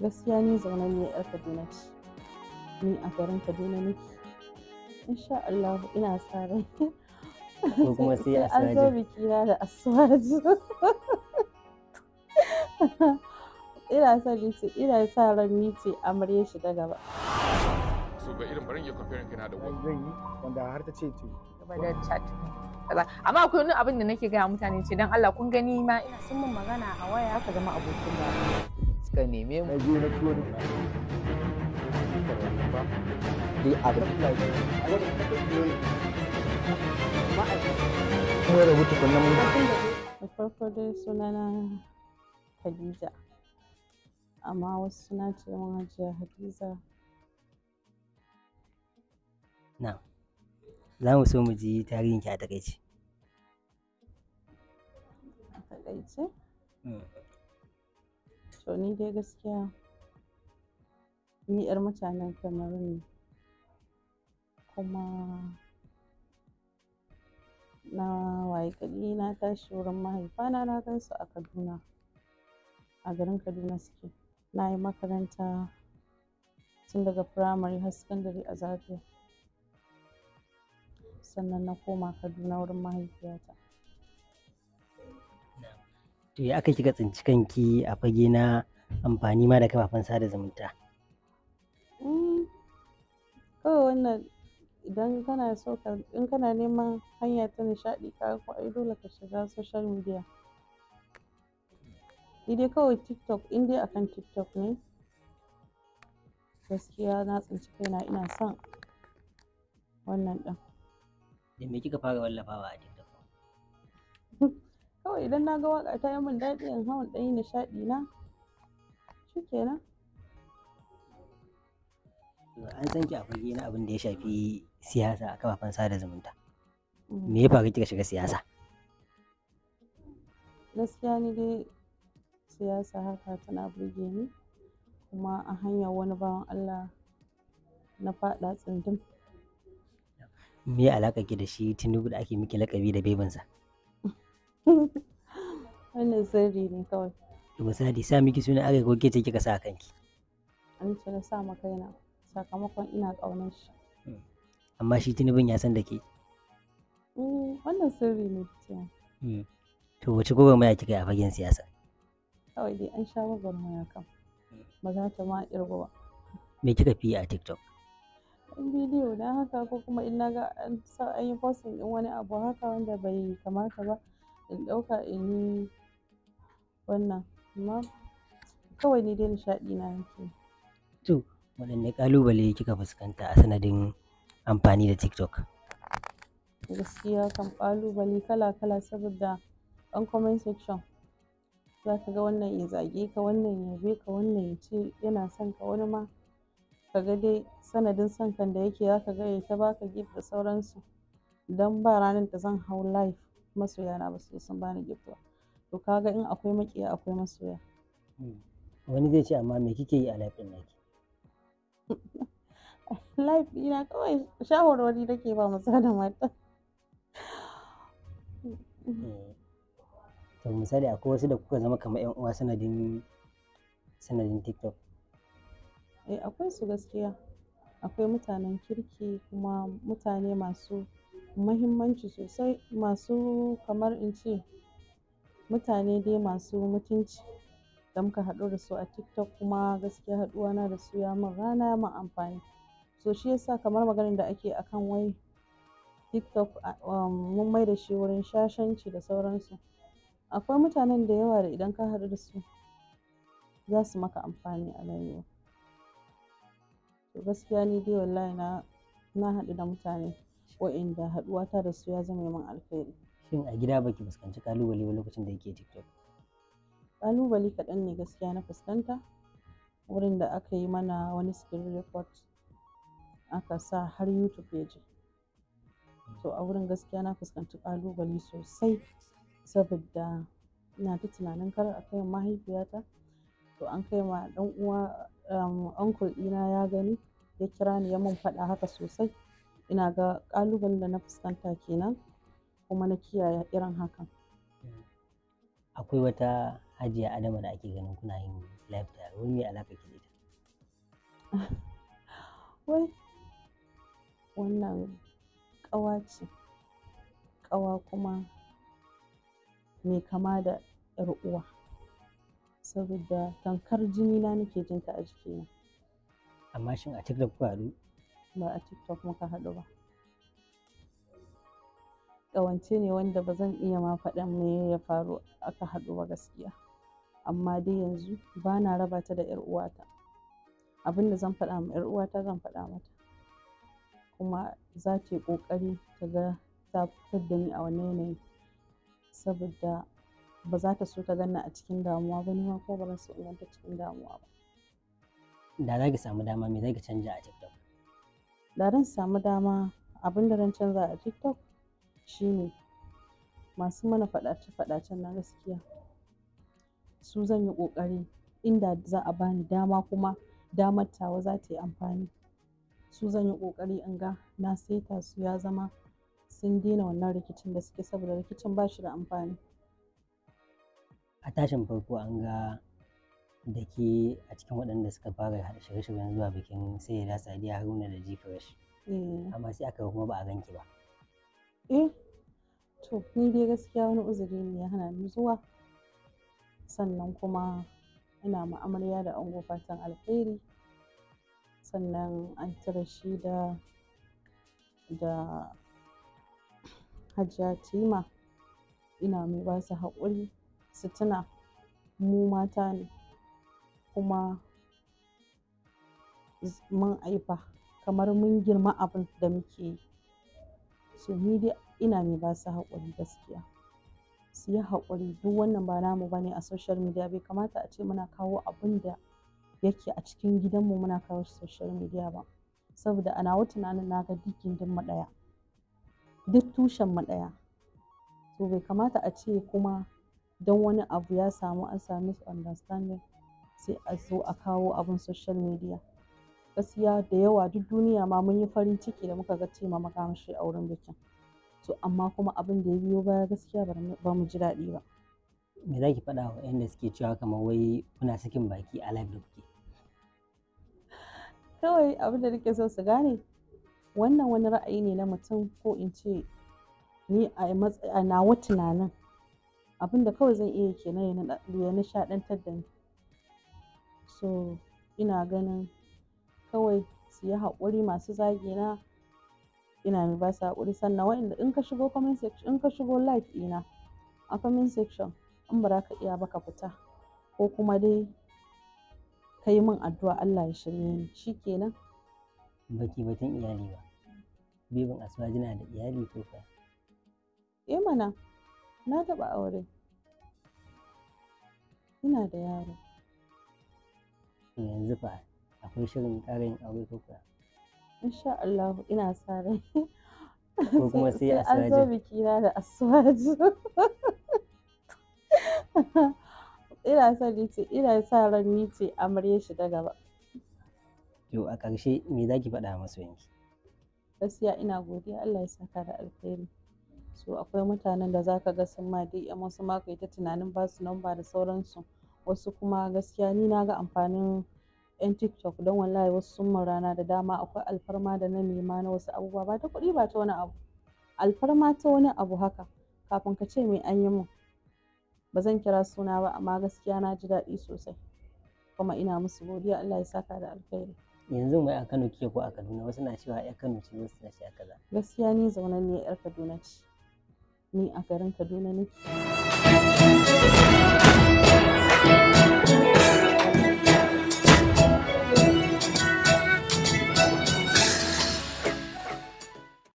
gaskiya ni zaune ne yar kaduna ce ni a garin kaduna ne. insha Allah ina sa ran sai an zo biki na da asuwaji ina sa ce ina sa ran ni ce amarya shi da gaba so ga irin barin ya comparing kana da wani zai yi wanda har ta ce to gaba da chat amma akwai wani abin da nake gaya mutane ce don Allah kun gani ma ina sun mun magana a waya ka zama abokin da suka neme mu na je na tuwo dai abin kuma ya rabu tukunan da farko dai sunana Hadiza amma wasu suna ce mun hajiya Hadiza na za mu so mu ji tarihinki a takaice a takaice mm. to ni dai gaskiya ni 'yar mutanen kamar ne kuma na wayi na tashi wurin mahaifana na gan su a kaduna a garin kaduna suke na yi makaranta tun daga firamare har sakandare a zaria sannan na koma kaduna wurin mahaifiyata to ya aka kika tsinci kanki a fage na amfani ma da kafafen sada zumunta mm. kawai wannan idan kana so ka in kana neman hanya ta nishaɗi ka ko ai dole ka shiga social media ni dai kawai tiktok in dai akan tiktok ne gaskiya na tsinci kaina ina son wannan ɗin da kika fara wallafawa a tiktok kawai idan na ga waƙa ta yi min daɗi in hau ɗan yi nishaɗi na shikenan to an san ki a fage na abin da ya shafi siyasa a kafafen sada zumunta mm. me ya faru kika shiga siyasa gaskiya ni dai siyasa haka tana burge ni kuma a hanyar wani bawan Allah na faɗa tsindin. me alaƙa ki da shi tinubu da ake miki laƙabi da bebansa wannan sirri ne kawai to sadi sa miki suna aka ke ce kika sa kanki an ce na sa maka yana sakamakon ina kaunar shi hmm. amma shi tunubin ya san da ke mm, wannan sirri ne ce hmm. to wace gwagwarmaya kika yi a fagen siyasa kawai dai an sha gwagwarmaya kan ba za ta ma irgo ba me kika fi a tiktok in bidiyo na haka ko kuma in na ga an yi posting in wani abu haka wanda bai kamata ba in ɗauka in yi wannan amma kawai ni dai nishaɗi na yake to waɗanne ƙalubale kika fuskanta a sanadin amfani da tiktok gaskiya kan ƙalubale kala-kala saboda ɗan comment section za ka ga wannan ya zage ka wannan ya yabe ka wannan ya ce yana son ka wani ma ka ga dai sanadin son kan da yake za ka ga ya ta baka gift da sauransu don ba ranar da zan hau live masoya na ba su sun bani gift ba to kaga in akwai makiya akwai masoya hmm. wani zai ce amma me kike yi a lafiyar naki life na kawai shawarwari nake ba maza mata eh. to misali akwai wasu da kuka zama kamar yan uwa sanadin sanadin tiktok eh akwai su gaskiya akwai mutanen kirki kuma mutane masu muhimmanci sosai masu kamar in ce mutane dai masu mutunci da muka haɗu da su a TikTok kuma gaskiya haɗuwa na da su ya min rana ya amfani so shi yasa kamar maganar da ake akan wai TikTok um, mun mai da shi wurin shashanci da sauransu akwai mutanen da yawa da idan ka haɗu da su za su maka amfani a rayuwa to gaskiya ni dai wallahi na haɗu da mutane Wa'inda haɗuwata da su ya zama min alkhairi. Shin a gida baki fuskanci kalubale ba lokacin da yake TikTok? Kalubale kaɗan ne gaskiya na fuskanta wurin da aka yi mana wani screen report aka sa har YouTube ya je. To a wurin gaskiya na fuskanci kalubale sosai saboda ina ta tunanin kar a kai mahaifiyata to an kai ma ɗan uwa um, uncle ɗina ya gani ya kira ni ya mun faɗa haka sosai ina ga ƙalubale da na fuskanta kenan kuma na kiyaye irin hakan akwai wata hajiya adama da ake ganin kuna yin lifestyle wani mai alaƙa ke ita wai wannan ƙawa ce ƙawa kuma mai kama da ‘yar uwa saboda tankar jini na nake jinta a jikina amma shin a ba a tiktok muka haɗu ba ƙawance ne wanda ba zan iya ma faɗan me ya faru aka haɗu ba gaskiya amma dai yanzu ba na raba ta da 'yar uwata abin da zan faɗa ma 'yar uwata zan faɗa mata kuma za ta yi ƙoƙari ta ga ta fitar da ni a wani yanayi saboda ba za ta so ta ganna a cikin damuwa ba ni ma ko ba zan so in ganta cikin damuwa ba da za ki samu dama me za ki canja a TikTok da zan samu dama abin da zan canza a tiktok shine masu mana faɗace-faɗacen na gaskiya su zan yi ƙoƙari inda za a bani dama kuma damar tawa za ta yi amfani su zan yi ƙoƙari in ga na saita su ya zama sun daina wannan rikicin da suke saboda rikicin ba shi da amfani a tashin farko an ga da ke a cikin waɗanda suka fara shirye-shiryen zuwa bikin sai da Sadiya Haruna da G-Fresh. Eh. Amma sai aka kuma ba a ganki ba. Eh, to ni dai gaskiya wani uzuri ne ya hana ni zuwa. Sannan kuma ina ma'amarya da ango fatan alheri. Sannan an tara shi da da Hajiya Tima ina mai ba su haƙuri su tuna mu mata ne kuma mun aifa kamar mun girma abun da muke yi so ni dai ina mai ba su haƙuri gaskiya su yi haƙuri duk wannan ba namu ba ne a social media bai kamata a ce muna kawo abun da yake a cikin gidanmu muna kawo shi social media ba saboda a tunanin na ga duk gindin mu ɗaya duk tushen mu ɗaya to bai kamata a ce kuma don wani abu ya samu an sami su understanding sai a zo a kawo abin social media gaskiya da yawa duk duniya ma mun yi farin ciki da muka ga tema makamashi a wurin bikin to amma kuma abin da ya biyo baya gaskiya ba mu ji daɗi ba me za ki faɗa wa yanda suke cewa kamar wai kuna sakin baki a live da kuke kawai abin da nake so su gane wannan wani ra'ayi ne na mutum ko in ce ni a nawa tunanin abin da kawai zan iya kenan ya nishaɗantar da ni so ina ganin kawai su yi haƙuri masu zagi na ina mai ba su haƙuri sannan wa'inda in ka shigo comment section in ka shigo live ɗina a comment section in ba za ka iya ba ka fita ko kuma dai ka yi min addu'a Allah ya shirye ni shikenan baki batun iyali ba bibin asuwa jina da iyali ko fa eh mana na taɓa aure ina da yaro yanzu fa akwai shirin ƙarin aure ko kuwa insha Allah ina sa rai ko kuma sai a an zo biki na da aswaji ina son ni ce ina sa ran ni ce amarya shi ta gaba to a ƙarshe me za ki faɗa masu yanki gaskiya ina godiya Allah ya saka da alkhairi so akwai mutanen da zaka ga sun ma dai su ma kai ta tunanin basu namba da sauransu wasu kuma gaskiya ni na ga amfanin 'yan tiktok don wallahi wasu sun rana da dama akwai alfarma da na nema na wasu abubuwa ba ta kuɗi ba ta wani abu alfarma ta wani abu haka kafin ka ce mai an yi mun ba zan kira suna ba amma gaskiya na ji daɗi sosai kuma ina musu godiya Allah ya saka da alkhairi yanzu mai a Kano kike ko a Kaduna wasu na cewa ya Kano ce wasu na cewa kaza gaskiya ni zaunan ne yar Kaduna ce ni a garin Kaduna ne